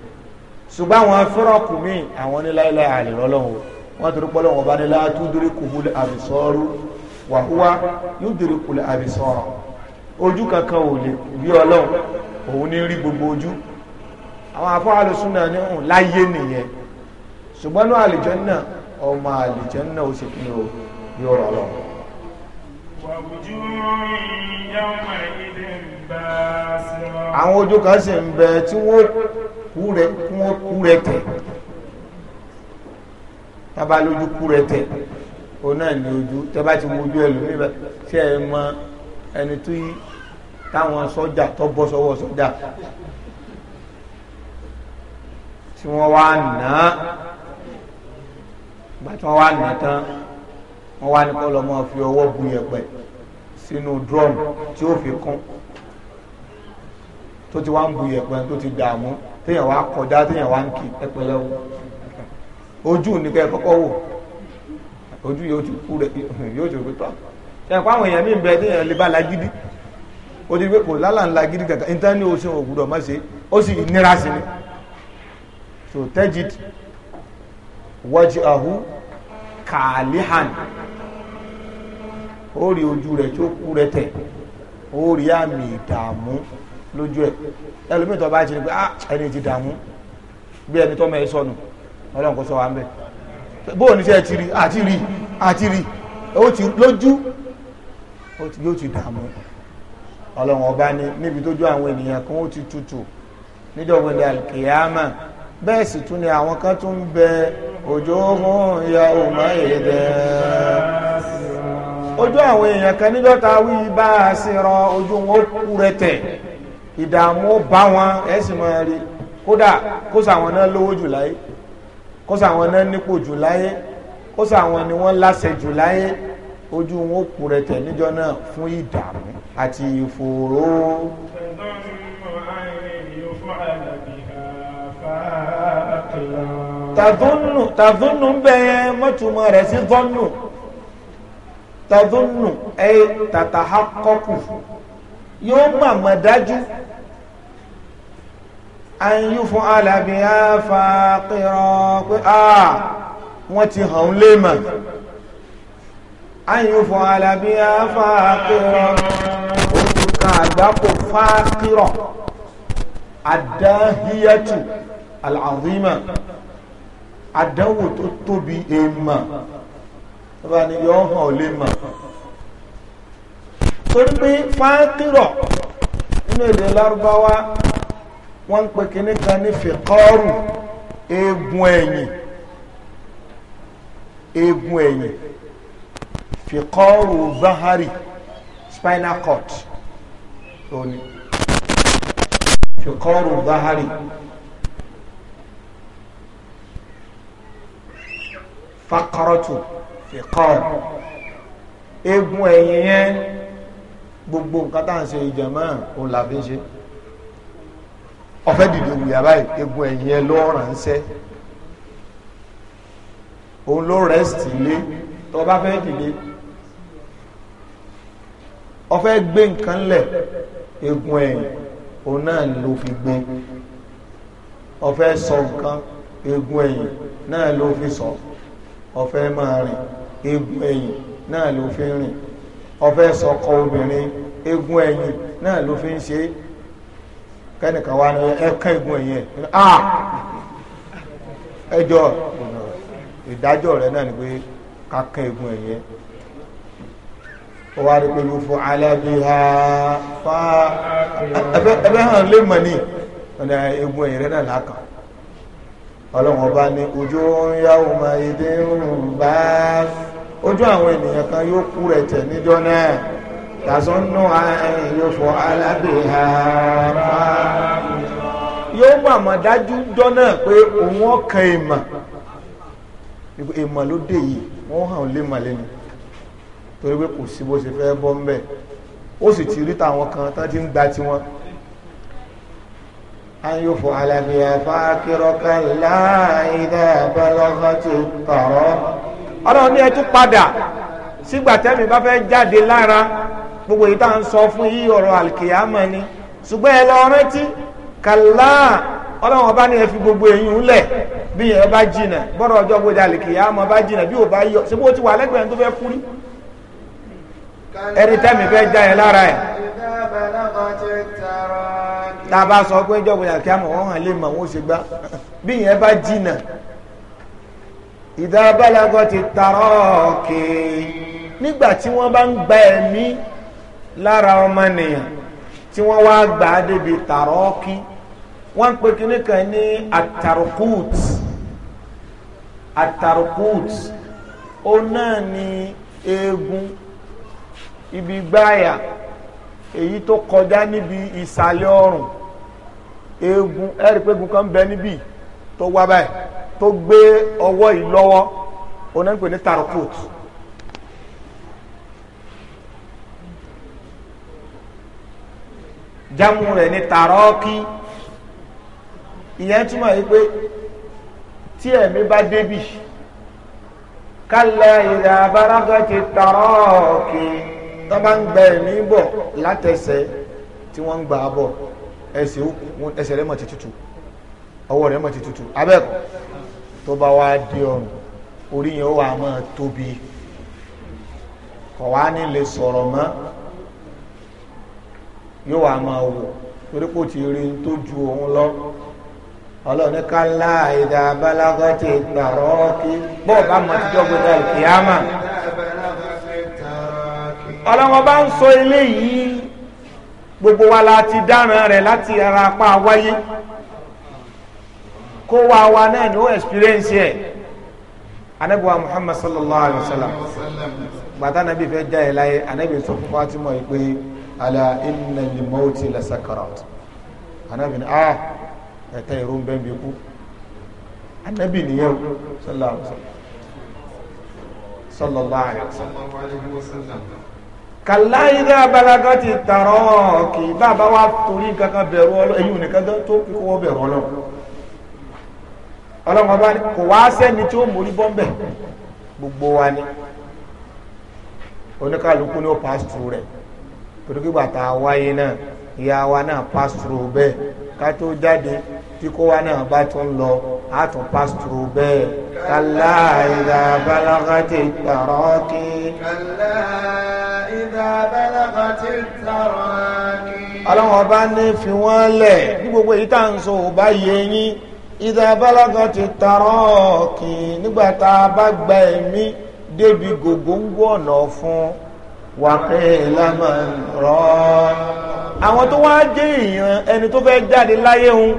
ṣùgbọ́n àwọn fẹ́rọ̀kù míì àwọn ní àlè rọ́lọ́wọ́ wọ́n torí pọ́lọ́ wọn bá ní láàtú dúrí kùhùlù àbìsọ́rú wàhúwá yóò dúrí kùhùlù àbìsọ́rọ̀ ojú kankan ò lè rí ọlọ́run òun ní rí gbogbo ojú àwọn afọ́hàlù súnà ní òun láyé nìyẹn ṣùgbọ́n ní àlìjẹ́ náà ọmọ àlìjẹ́ náà ó sì kí o ní ọ̀rọ̀ ọlọ́run. àwọn ojú kan sì ń bẹ tí wọ́n kú rẹ̀ tẹ̀ tábà lójú kú rẹ tẹ òun náà ní ojú tábà ti wojú ẹlòmíì bá tí ẹ mọ ẹni tó yí táwọn sọ́jà tó bọ́ sọ́wọ́ sọ́jà tí wọ́n wá nà á gbà tí wọ́n wá nà tán wọ́n wá ní kọ́ lọ́mọ fi ọwọ́ bu yẹ̀pẹ̀ sínú drum tí ó fi kún tó ti wá ń bu yẹ̀pẹ̀ tó ti dààmú téèyàn wá kọjá téèyàn wá ń kì ẹpẹlẹ o ojú ní kẹ́ kọ́kọ́ wò ojú yóò ti kú rẹ̀ yóò ti rúkú tọ́ ṣẹ̀kọ́ àwọn èèyàn míì bẹ́ẹ̀ téèyàn lè bá lagídí o ti pé kò lálà ńlá gidi kankan níta ní o ṣe ògùdọ̀ má ṣe ó sì nira sí ni so tejid wajahu kàlíhàn ó rí ojú rẹ̀ tó kú rẹ̀ tẹ̀ ó rí àmì ìdààmú lójú ẹ̀ ẹlòmíì tó bá ti rí pé ah ẹni ti dààmú bí ẹni tó mẹ́ sọnù. So, ọlọ́run kò sọ wa ń bẹ̀ bóò ní sẹ́ ti rí àti rí àti rí ó ti lójú yóò ti dààmú ọlọ́run ọba ni níbi tó jó àwọn ènìyàn kan ó ti tutù níjọba ilẹ̀ alkiyama bẹ́ẹ̀ sì tún ni àwọn kan tún ń bẹ òjò ohun ìyá òmà èdè ojú àwọn èèyàn kan níjọ́ta wí bá a sí rọ ojú wọn ó kú rẹ̀tẹ̀ ìdààmú bá wọn ẹ̀ sì máa rí kódà kó sàwọn náà lówó jù láyé kó sàwọn náà nípò jù láyé kó sàwọn ni wọ́n láṣẹ jù láyé ojú wọn ó kú rẹtẹ̀ níjọ́ náà fún ìdààmú àti ìfòòró. tàdúnnù tàdúnnù ń bẹ rẹ̀ sí dọ́nù tàdúnnù ẹ̀ tàtàhákọ́kù yóò mọ̀ mọ̀ dájú ayú fún alábi afáàkìrọ pé a wọ́n ti hàn lè mà ayú fún alábi afáàkìrọ òkùnkà àgbákò fáàkìrọ àdáhíyàtù alàzímà àdánwò tó tóbi èèmà tọ́bà ni yọ hàn lè mà torí pé fáàkìrọ nínú èdè lárúbáwá wọ́n ń pe kinní kan ní fìkọ́rù eegun ẹ̀yìn eegun ẹ̀yìn fìkọ́rù zahari spinal cord lónìí fìkọ́rù zahari. fakọrọtù fìkọr eegun ẹ̀yìn yẹn gbogbo nǹkan tá à ń ṣe ìjàmọ́ òun làbí ṣe ọ̀fẹ́ dìde wùyà báyìí egun ẹ̀yìn ẹ ló ránṣẹ́ òun ló rẹ́sìtì lé tó bá fẹ́ dìde ọ̀fẹ́ gbé nǹkan lẹ̀ egun ẹ̀yìn òun náà ló fi gbé ọ̀fẹ́ sọ nǹkan egun ẹ̀yìn náà ló fi sọ ọ̀fẹ́ máa rìn egun ẹ̀yìn náà ló fi rìn ọ̀fẹ́ sọkọ obìnrin egun ẹ̀yìn náà ló fi ń ṣe é kẹ́nìkan wá ní ẹ̀ka ìgún ẹ̀yẹ ah ẹjọ́ ìdájọ́ rẹ̀ náà ni pé káka ìgún ẹ̀yẹ ó wá rí pẹ̀lú fún alábíhá fa ẹbẹ́ hàn lè mọ̀ ní ọ̀nà ìgún ẹ̀yẹ rẹ̀ náà lákàn ọlọ́run ọba ní ojú yàwó máa yé dé ń bá ojú àwọn ènìyàn kan yóò kú rẹ̀ tẹ̀ níjọ́ náà tàzọ́nù àyànfọ́ alábìhà yóò wà mọ̀ dájú dọ́nà pé òun ọkàn ìmọ̀ ìmọ̀ ló dé yìí wọ́n hàn lè mọ̀ lẹ́nu torí pé kò sí bó ṣe fẹ́ bọ́ mbẹ́ ó sì ti rí tàwọn kan tán ti ń gba tiwọn ayòfò alábìhà fákìrọ́kà láìdá balọ́kà tó tọ̀rọ̀ ọ̀rọ̀ ní ẹ tún padà sígbà tẹ́mi bá fẹ́ jáde lára gbogbo yìí tá à ń sọ fún yí ọ̀rọ̀ àlìkìyàmọ ni ṣùgbọ́n ẹ lọ rántí kàlá ọlọ́run ọba ni ẹ fi gbogbo ẹ̀yìn ńlẹ̀ bí ẹ bá jìnà bọ́rọ̀ ọjọ́ gbogbo àlìkìyàmọ bá jìnà bí ò bá yọ ṣé bó ti wà lẹ́gbẹ̀ẹ́ tó fẹ́ kú rí ẹni tẹ́mi fẹ́ já ẹ lára ẹ̀ tá a bá sọ pé ìjọba àlìkìyàmọ wọn hàn lè mọ̀ wọn ṣe gbá bí ìyẹn bá jìnà ìdá balagọ́ ti tarọ́ nígbà tí wọ́n bá ń gba ẹ̀mí lára ọmọnìyàn tí wọ́n wá gbà á débi tàrọ́ọ́kì wọ́n ń pe kinní kan ní atarukut atarukut ó náà ní eegun ibi gbáyà èyí tó kọjá níbi ìsàlẹ̀ ọrùn eegun ẹ̀rí pé eegun kan bẹ níbí tó wá báyìí tó gbé ọwọ́ yìí lọ́wọ́ ó ní tarukut. jámù rẹ̀ ní tàrọ́ọ̀kì ìyẹn túmọ̀ yìí pé tí ẹ̀mí bá débì kálá ìdá abárágọ́ ti tàrọ́ọ̀kì tó bá ń gba ẹ̀mí bọ̀ látẹsẹ̀ tí wọ́n ń gbà á bọ̀ ẹsẹ̀ rẹ̀ mọ̀ ti tutù ọwọ́ rẹ̀ mọ̀ ti tutù abẹ́ẹ̀kọ́ tó bá wá dé ọrùn orí yẹn ó wà máa tóbi kọ̀ wá ní sọ̀rọ̀ mọ́. yóò wá máa wò torí kò ti rí tó ju òun lọ ọlọ́ọ̀ni kálá ìdá abálágọ́ ti gbàrọ́ kí bọ́ọ̀ bá mọ̀ tíjọ́ gbẹdẹ ìkìyàmà ọlọ́wọ́n bá ń sọ ilé yìí gbogbo wa la ti dáràn rẹ̀ láti ara apá wáyé kó wa wa náà ní ó experience ẹ̀ anabiwa Muhammad sallallahu alayhi wa sallam gbàtà nàbí fẹ́ láyé anabi sọ fún Fatima yìí pé. ala inna limauti la sakarat anabi ni ah ẹ̀ta ìrún bẹ́ẹ̀ bí kú anabi nìyẹn sallallahu alaihi wasallam sallallahu alaihi wasallam kàláyìdá balaga ti tààrọ kì í bàbá wa torí kankan bẹ̀rù ọlọ́ èyí nìkan tó kí wọ́n bẹ̀rù ọlọ́ ọlọ́mọ bá kò wá sẹ́ni tí ó mórí bọ́m̀bẹ̀ gbogbo wa ni oníkàlùkù ni ó pass through rẹ̀ torípégbà tá a wáyé náà ìyá wa náà pass through bẹ́ẹ̀ ká tó jáde tí kó wa náà bá tún lọ á tún pass through bẹ́ẹ̀. kàlá ìdá balagati tarọ́kì. kàlá ìdá balagati tarọ́kì. ọlọ́run ọba ní fi wọ́n lẹ̀ ní gbogbo èyí tá à ń sọ ò bá yé yín ìdá balagati tarọ́kì nígbà tá a bá gba ẹ̀mí débi gògóńgò ọ̀nà fún un wàkẹ́ lámọ̀rọ́. àwọn tó wáá jẹ́ èèyàn ẹni tó fẹ́ jáde láyé òun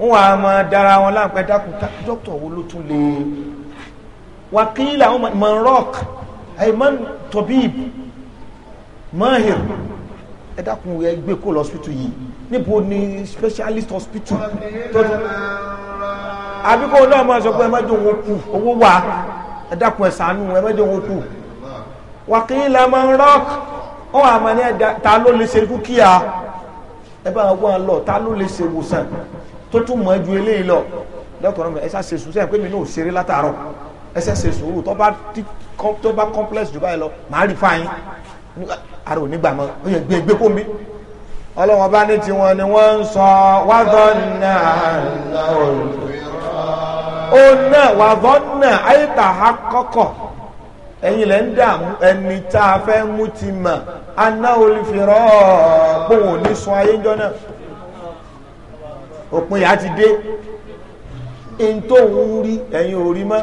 ń wàá máa dára wọn láǹpẹ́ dákun dókítà wo ló tún lè wàkẹ́ làwọn mọ̀rọ́k àìmọ́n tọ́bíìb mọ́hìr ẹ dákun ẹ gbé kó lọ hospital yìí níbo ni specialist hospital tọ́jú àbíkó náà máa sọ pé ẹ má jẹ́ òun kù owó wà ẹ dákun ẹ ṣàánú ẹ má jẹ́ òun kù wàkìlá man rock ó wà máa ní ẹ̀dá ta ló lè ṣe dúkìá ẹ bá wọn lọ ta ló lè ṣe wòsàn tó tún mọ̀ ju eléyìí lọ lọ́kùnrin mi ẹ̀sà ṣe sùúrù sẹ́yìn pé mi náà ṣeré látàárọ̀ ẹ̀sẹ̀ ṣe sùúrù tó bá tó bá complex jù báyìí lọ màá rí fáyín ara ò ní gbà mọ́ ó yẹ gbé gbé kó mi ọlọ́wọ́n bá ní tiwọn ni wọ́n ń sọ wàdọ́nà ọ̀nà wàdọ́nà àyíká akọ́kọ̀. ẹ̀yin lẹ́ ń dààmú ẹni ti mà aná olùfirọ́ bóun ò sun ayé jọ náà òpin yà á ti dé ẹni tó ń rí ẹ̀yin ò rí mọ́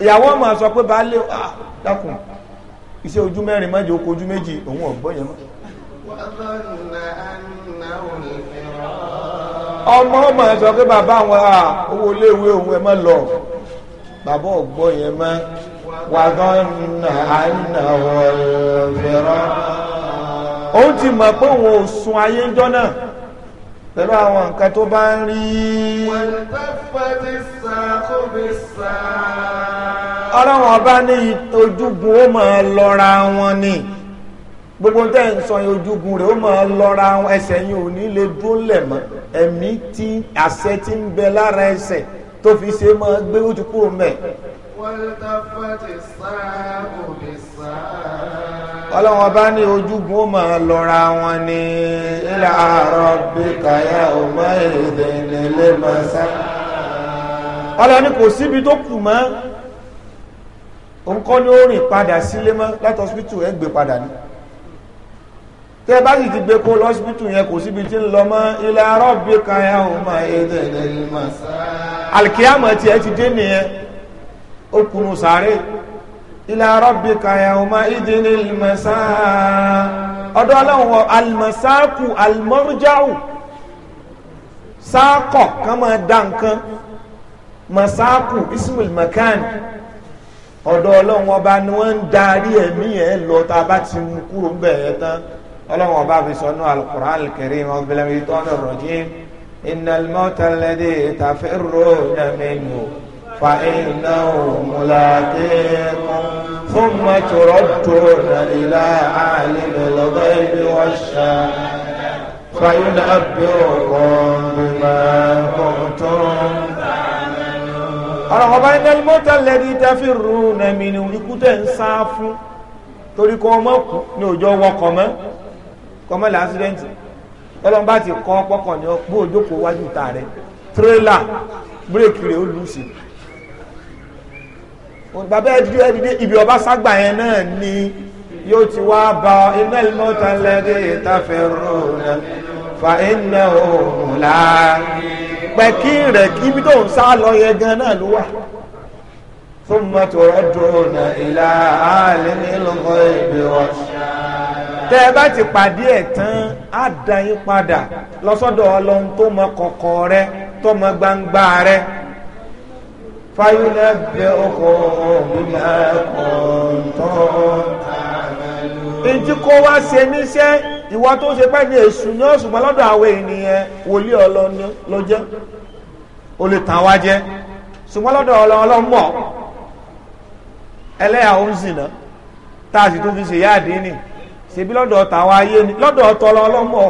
ìyàwó ọmọ sọ pé baálé dákun iṣẹ́ ojú mẹ́rin mọ́jọ oko ojú méjì òun ọ̀gbọ́n yẹn mọ́ ọmọ ọmọ sọ pé bàbá àwọn owó iléèwé òun ẹ lọ bàbá ògbó yẹn mọ́ wàgọ́nà àìnàwọ̀ fẹ́ràn. òun ti mọ̀ pé òun ò sun ayé ńjọ́ náà pẹ̀lú àwọn nǹkan tó bá ń rí. ọlọ́run ọba ní ojúgun ó máa lọ́ra wọn ni gbogbo tẹ́ ń sọ ojúgun rẹ̀ ó máa lọ́ra ẹsẹ̀ yìí ò ní lè dúró mọ́ ẹ̀mí tí àṣẹ ti ń bẹ lára ẹsẹ̀ tó fi ṣe máa gbé ó ti kúrò mẹ́ ọlọ́run ọba ní ojúgun ó máa lọ́ra wọn ní ilẹ̀ àárọ̀ bí kàyà ọmọ èdè nílé mọ́sá ọlọ́run ní kò síbi tó kù mọ́ òun kọ́ ni ó rìn padà sílé mọ́ látọ̀sípítù ẹ̀ gbé padà ní tẹ bá sì ti gbé kó lọ́sibítù yẹn kò síbi tí ń lọ mọ́ ilẹ̀ arọ́bì kan yẹn ò mọ èdè ìdẹ́lẹ́mọ̀ alikiyama tiẹ̀ ti dé nìyẹn ó kunu sáré ilẹ̀ arọ́bì kan yẹn ò mọ èdè ìdẹ́lẹ́mọ̀ ọ̀dọ̀ ọlọ́run alimasaku alimọ́rújáwù sáàkọ̀ kan máa dá nǹkan masaku ismail makan ọ̀dọ̀ ọlọ́run ọba ni wọ́n ń darí ẹ̀mí ẹ̀ lọ tá a bá ti mú kúrò ń bẹ̀rẹ̀ tán ọlọ́run ọba fi sọ nù alukur'an al-karim ọ̀bìlẹ̀mí tọ́nù rọ̀jìm innal mawta alladhi tafirruna minhu fa innahu mulaqikum thumma turadduna ila alimil ghaybi wash-shahadati fayunabbi'ukum bima kuntum ọ̀rọ̀ ọba ẹni ẹlmọ́ta lẹ́dí tẹ́fì rú nẹ́mí ikú tẹ́ ń sá fún torí kọ́ ọmọ kù ní òjò wọkọ̀ mọ́ kọ́mọ́lá ásídẹ́ǹtì ọlọ́run bá ti kọ́ pọ́kàn ní ọgbó òjókòó wájú ta rẹ̀ tírélà bírèkì rẹ̀ ó lù ú sí bàbá ẹdídé ẹdídé ibi ọba ságbà yẹn náà ni yóò ti wá ba iná ìmọ̀ta lẹ́dẹ̀ ìtafẹ́ rọ̀ọ̀nà fa iná òun láàrin pẹ̀kí rẹ̀ kí ibi tó ń sá lọ yẹn gan náà ló wà fún mọ́tò ọdún ọ̀nà ìlà àlẹ́ nílùú ìbí ọ̀ṣà tẹ́ ẹ bá ti pàdé ẹ̀ tán á dá yín padà lọ́sọ́dọ̀ ọlọ́run tó mọ kọ̀kọ̀ rẹ tó mọ gbangba rẹ. fáyọlẹ́ bẹ ọkọ̀ ọ̀gbìnà kọ̀ọ̀tọ̀ ìdí kó wá ṣe níṣẹ́ ìwọ tó ṣe pẹ́ ní èṣù ní ọ̀ṣùgbọ́n lọ́dọ̀ àwọn ènìyàn wòlíì ọlọ́ni ló jẹ́ o lè tàn wá jẹ́ ṣùgbọ́n lọ́dọ̀ ọlọ́run mọ̀ ẹlẹ́yà ó ń sìn tá a sì tún fi ṣèyá àdínì ṣebí lọ́dọ̀ tàwa ayé ni lọ́dọ̀ tọlọ ọlọ́mọ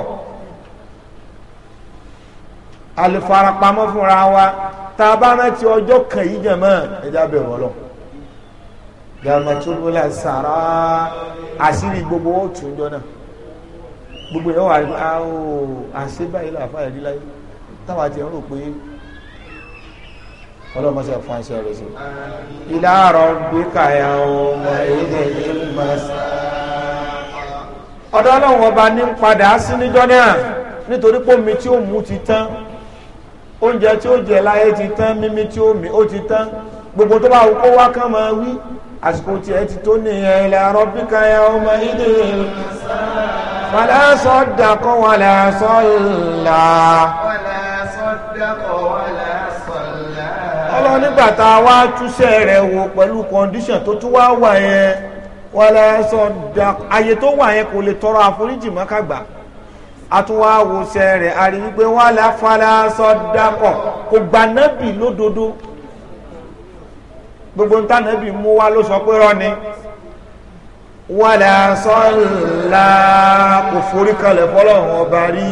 àlùfarapamọ́ fúnra wa tá a bá rántí ọjọ́ kan yìí jẹ̀ mọ́ ẹja bẹ̀rù ọlọ́run yàmàtúrúlà sàrà àṣírí gbogbo ó tún jọ náà gbogbo yẹn wà á o àṣẹ báyìí làfà yẹn líláyé táwa ti rò pé ọlọ́mọ sọ fún àṣẹ rẹ̀ sí. ìlà àrọ̀ gbé kàyà ọmọ èdè yìí máa sá ọ̀dọ̀ ọlọ́run ọba ní padà sí níjọ́ náà nítorí pé omi tí ó mu ti tán oúnjẹ tí ó jẹ láyé ti tán mímí tí ó mí ó ti tán gbogbo tó bá wù kó wá kán máa wí àsìkò tiẹ̀ ti tó nìyẹn ila rabbika yawma idil wala saddaqa wala salla. wala saddaqa wala salla. ọlọ́run nígbà tá a wá túṣẹ́ rẹ̀ wò pẹ̀lú kọ́ndíṣàn tó tún wá wà yẹn wàlá sọ̀dà àyè tó wà yẹn kò lè tọrọ àforíjì mọ́ kàgbà àtúwà àwòṣẹ rẹ̀ àrí wípé wàlá fàlà sọ̀dà kọ̀ kò gba nábì lódodo gbogbo ń tànàbì mú wa ló sọ pé rọ́ni wàlá sọ̀là kò forí kalẹ̀ fọlọ́run ọba rí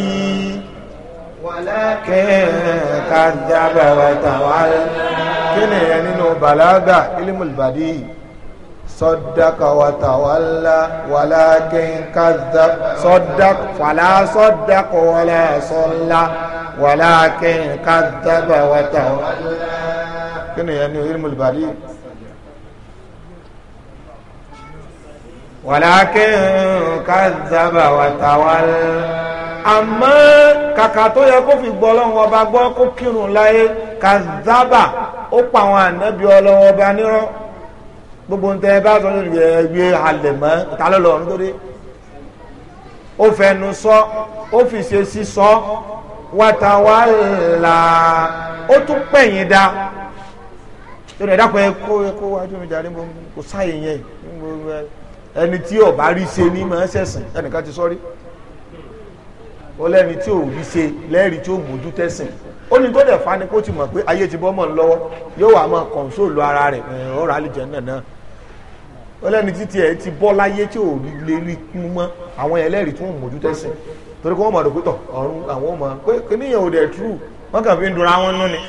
kẹ́ẹ̀ẹ́ta dábàá wàtàwá kí ni ẹ̀ nínú bàlágà ilé mọ̀lùbàdì yìí. صدق وتولى ولكن كذب صدق فلا صدق ولا صلى ولكن كذب وتولى كنا يعني علم البريد ولكن كذب وتولى àmọ́ kàkà tó yẹ kó fi gbọ́ ọlọ́run ọba gbọ́ kó kírun láyé kàzábà ó pa àwọn ànábì ọlọ́run ọba nírọ́ gbogbo ń tẹ bá sọ lórí ẹgbẹ alẹ mọ ìtàlọlọ nítorí ó fẹnu sọ ó fi ṣe sí sọ wàtàwálà ó tún pẹ̀yìn dá torí ẹ̀dá pé kó kó wájú mi jàre kò sáyè yẹn ẹni tí ò bá rí ṣe ní máa ń ṣẹ̀sìn ẹnìkan ti sọ́rí ó lẹ́ni tí ò rí ṣe lẹ́rìí tí ó mójú tẹ̀sìn ó ní tó dẹ̀ fani kó ti mọ̀ pé ayé ti bọ́ mọ̀ ń lọ́wọ́ yóò wá máa kọ̀ǹsóòlù ara rẹ̀ ọ̀rọ̀ àlìjẹ́ náà náà ọlẹ́ni títí ẹ̀ ti bọ́ láyé tí ò lè rí kú mọ́ àwọn ẹlẹ́rìí tí wọ́n mójú tẹ́sìn torí kí wọ́n mọ̀ dókítọ̀ ọ̀run àwọn ọmọ pé kíníyàn ò dẹ̀ tú wọ́n kàn fi ń dura wọn nú ni.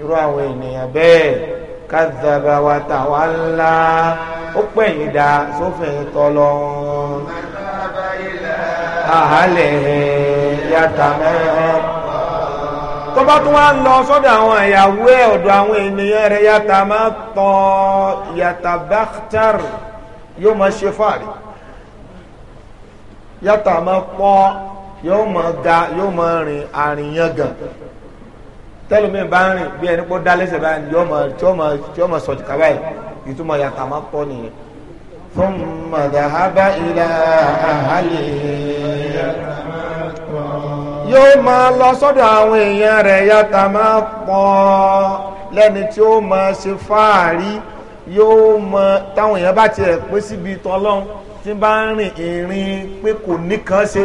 irú àwọn ènìyàn bẹ́ẹ̀ kazaba wa tawalla ó pẹ̀yìn dá sófin tọ́lọ́ àhálẹ̀ yàtàmẹ́rẹ́ tó bá tún wá ń lọ sọ́dọ̀ àwọn ìyàwó ẹ̀ ọ̀dọ̀ àwọn ènìyàn rẹ̀ yàtà máa tọ̀ yàtà báktár yóò máa ṣe fàárì yàtà máa pọ̀ yóò máa ga yóò máa rìn àrìnyangàn tẹ́lómi bá ń rìn bí ẹni pọ́ dá báyìí yóò máa tí yóò máa tí yóò máa sọ̀jù kaba yìí ìtumọ̀ yàtà máa pọ̀ nìyẹn. fún mọ̀dàhábà ìlà àhálẹ̀ yàtà máa. yóò máa lọ sọ́dọ̀ àwọn èèyàn rẹ̀ yàtà máa pọ̀ lẹ́ni tí ó máa ṣe fáàrí yóò mọ táwọn èèyàn bá tiẹ̀ pé síbi tọ́lọ́hún tí bá ń rìn ìrìn pé kò nìkan ṣe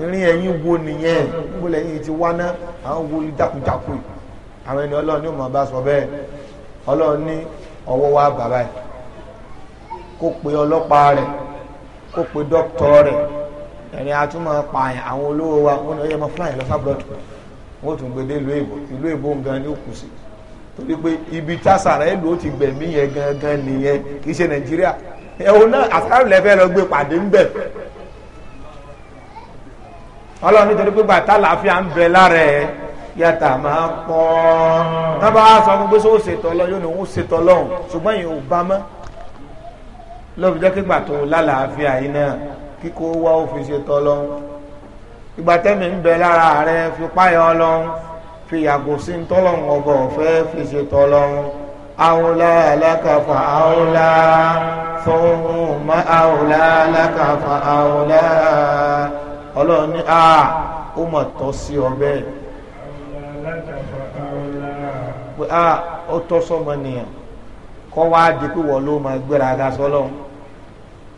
ìrìn ẹ̀yìn wo nìyẹn níbo lẹ́yìn ti wá ná àwọn wo jákujáku àwọn ènìyàn ọlọ́run ní òmò bá sọ bẹ́ẹ̀ ọlọ́run ní ọwọ́ wa bàbá ẹ̀ kó pe ọlọ́pàá rẹ̀ kó pe dókítà rẹ̀ ẹ̀rin atúmọ̀ pààyàn àwọn olówó wa wọ́n ní ọyẹ́ mọ́ fúláyìn lọ sábúrọ̀dù wọ́n tún gbé dé ìlú èbó ìlú èbó gan ni ó kù sí torí pé ibi tásàrà ìlú ó ti gbẹ̀mí yẹn gangan nìyẹn kì í ṣe nàìjíríà ẹ̀hún náà àsáré lẹ́fẹ́ lọ gbé pàdé ń bẹ̀ ọlọ́run nítorí pé bàtà làáfíà ń bẹ lára ẹ̀ yàtà máa pọ̀ náà bá sọ fún pé sọ ó ṣètò ọlọ́run yóò ní òun ṣètò ọlọ́run ṣùgbọ́n ìyẹn ò bá mọ́ lọ́ọ̀bì jẹ́ kígbà tó lálàáfíà yìí náà kíkó wá ó fi ṣe tọlọ́hun ìgbà tẹ́mi ń bẹ lára rẹ fi páyà ọlọ́hun fi yàgò sí ń tọ́lọ́hun ọgọ́ ọ̀fẹ́ fi ṣe tọlọ́hun àwòlá alákàfà àwòlá fọ́ọ̀hún mọ́ àwòlá alákàfà àwòlá ọlọ́run ní a ó mọ̀ tọ́ sí ọ bẹ́ẹ̀ pé a ó tọ́ sọ́mọ nìyẹn kọ́ wá di wọ́n ló máa gbéra ga sọ́lọ́hun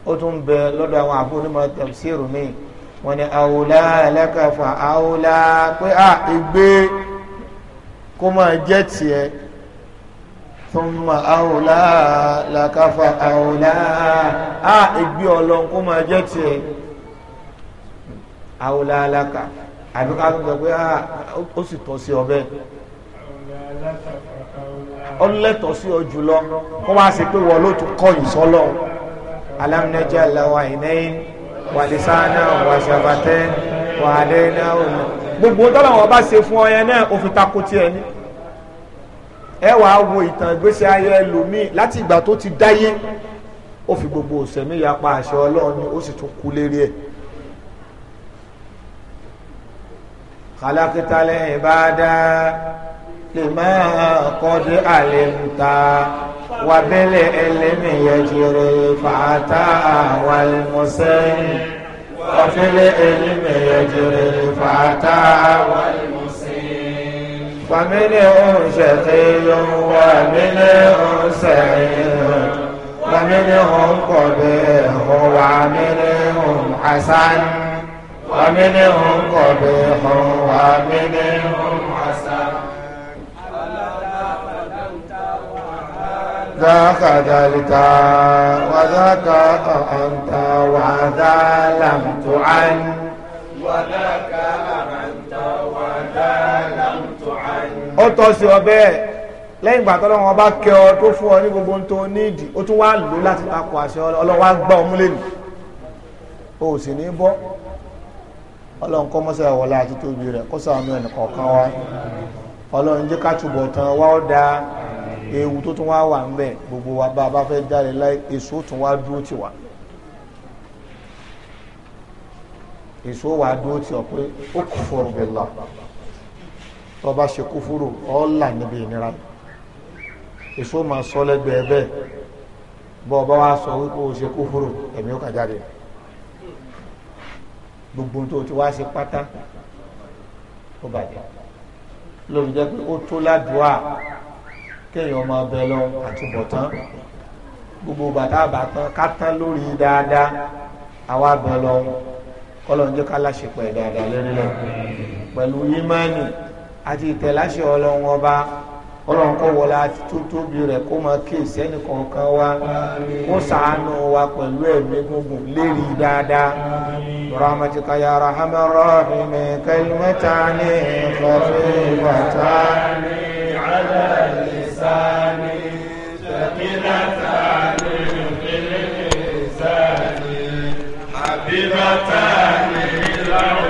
ó tún bẹ lọ́dọ̀ àwọn àfọwọ́nímọ̀ tẹ̀síìrù míì wọ́n ní àwòlá ẹlẹ́kẹ̀fà àwòlá pé à ìgbé kó máa jẹ́ tiẹ̀ thumma àwòlá làkàfà àwòlá à ìgbé ọlọ́run kó máa jẹ́ tiẹ̀ àwòlá làkà àbí ká ló ń sọ pé à ó sì tọ́ sí ọbẹ̀ ọlẹ́tọ̀ sí ọ jùlọ kó wá sí pé wọ́n ló tún kọ́ yìí sọ́lọ́run. ألم نجعل له عينين ولسانا وشفتين وهديناه gbogbo tọ́lọ́wọ́ bá ṣe fún ọyẹn náà òfin tako tiẹ̀ ni ẹ wàá wo ìtàn ìgbésí ayé ẹlòmíì láti ìgbà tó ti dáyé ó fi gbogbo òsèmí yapa àṣẹ ọlọ́run ó sì tún kú lérí ẹ̀. kàlákítà lẹ́yìn bá dá lè máa kọ́ dé àlè ń ta. وبالعلم يجري فأتى والمسن وفي العلم يجري فأتى والمسن فمنه شقي ومنه سعيد فمنهم قبيح ومنهم حسن ومنهم قبيح ومنهم حسن ذاك ذلك وذاك أنت وذا لم تعن وذاك أنت وذا لم تعن ó tọ́ sí ọ ìgbà tó lọ́wọ́ bá kẹ́ ọ tó fún ọ ní gbogbo tó nídìí ó tún wá lò láti àṣẹ o sì ní bọ́ ọlọ́run kọ́ mọ́sẹ̀ wọlé àti tóbi rẹ̀ kó ẹnì kọ̀ọ̀kan ewu tó tún wá wà ń gbogbo wa bá a bá fẹ́ jáde láì èso tún wá dúró tì wá èso wà á dúró tì ọ pé ó kò fọrọ bẹ lọ tó bá ṣe kú fúrò ọ là níbi ìnira èso máa sọ lẹ́gbẹ̀ẹ́ bẹ́ẹ̀ bọ́ ọ bá wá sọ wípé o ṣe kú fúrò ẹ̀mí ó kà jáde gbogbo tó ti wá ṣe pátá ó bàjẹ́ lórí jẹ́ pé ó tó ládùúà. kéèyàn máa bẹ lọ àti bọ̀tán gbogbo bàtà àbàtàn kátán lórí dáadáa àwa bẹ lọ kọlọ̀ ká láṣepọ̀ ẹ̀ dáadáa lórí lọ pẹ̀lú yímánì àti ìtẹ̀láṣẹ ọlọ́run ọba ọlọ́run kọ́ wọlé àti rẹ̀ kó máa wa kó wa pẹ̀lú ẹ̀mí gbogbo lérí dáadáa kalimata ni ni حبيبتان إلى